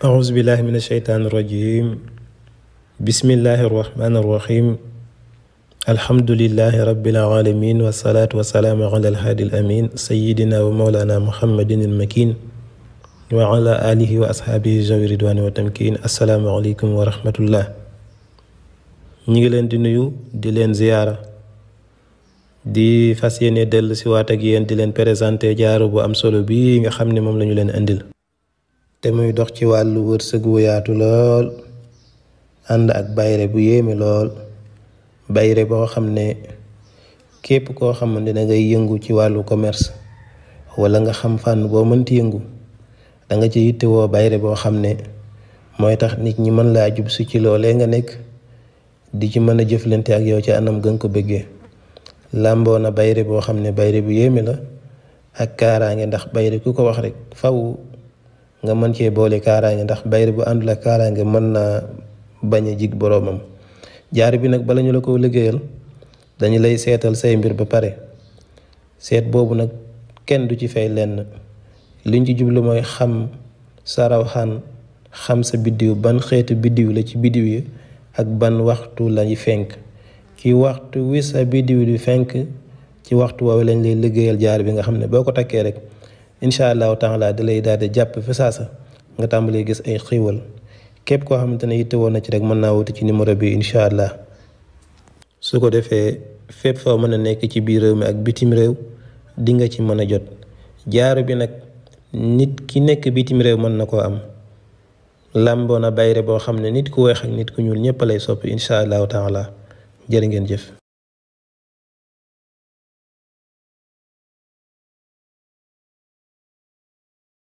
أعوذ بالله من الشيطان الرجيم بسم الله الرحمن الرحيم الحمد لله رب العالمين والصلاة والسلام على الهادي الأمين سيدنا ومولانا محمد المكين وعلى آله وأصحابه جو رضوان وتمكين السلام عليكم ورحمة الله نيغلن دي نيو دي لين زيارة دي فاسيني دل سواتك ين دي لين بريزانتي جارو بو أمسولو بي نخمني مملن يلين أندل te muy dox ci wàllu wërsëg wu yaatu lool ànd ak bayre bu yéeme lool bayre boo xam ne képp koo xamante ne ngay yëngu ci wàllu commerce wala nga xam fànn boo mënti yëngu danga nga ci yittewoo bayre boo xam ne mooy tax nit ñi mën laa jub si ci loolee nga nekk di ci mën a jëflante ak yow ci anam gën ko bëggee làmboo na bayre boo xam ne bayre bu yéeme la ak kaaraange ndax bayre ku ko wax rek faw nga man ci boole kaaraange ndax bayr bu andula ak kaaraange mën naa bañ jig boromam jaar bi nak bala lako liggeyal ko dañu lay sétal say mbir ba paré sét bobu nak kenn du ci fay lenn liñ ci jublu moy xam sa xam sa bidiw ban xéetu bidiw la ci bidiw yi ak ban waxtu ñi fenk ki waxtu wi sa bidiw di fenk ci waxtu woowu lañ lay liggeyal jaar bi nga xamne boko boo rek incha allah taala da lay daal di jàpp fi saasa nga tàmbalee gis ay xiiwal képp koo xamante ne yitte woon na ci rek mën naa wuti ci numéro bi incha allah su ko defee fépp foo mën a nekk ci biir réew mi ak bitim réew di nga ci mën a jot jaaro bi nag nit ki nekk bitim réew mën na koo am làmboo na bayre boo xam ne nit ku weex ak nit ku ñuul ñëpp lay soppi incha allahu taala jërë ngeen jëf.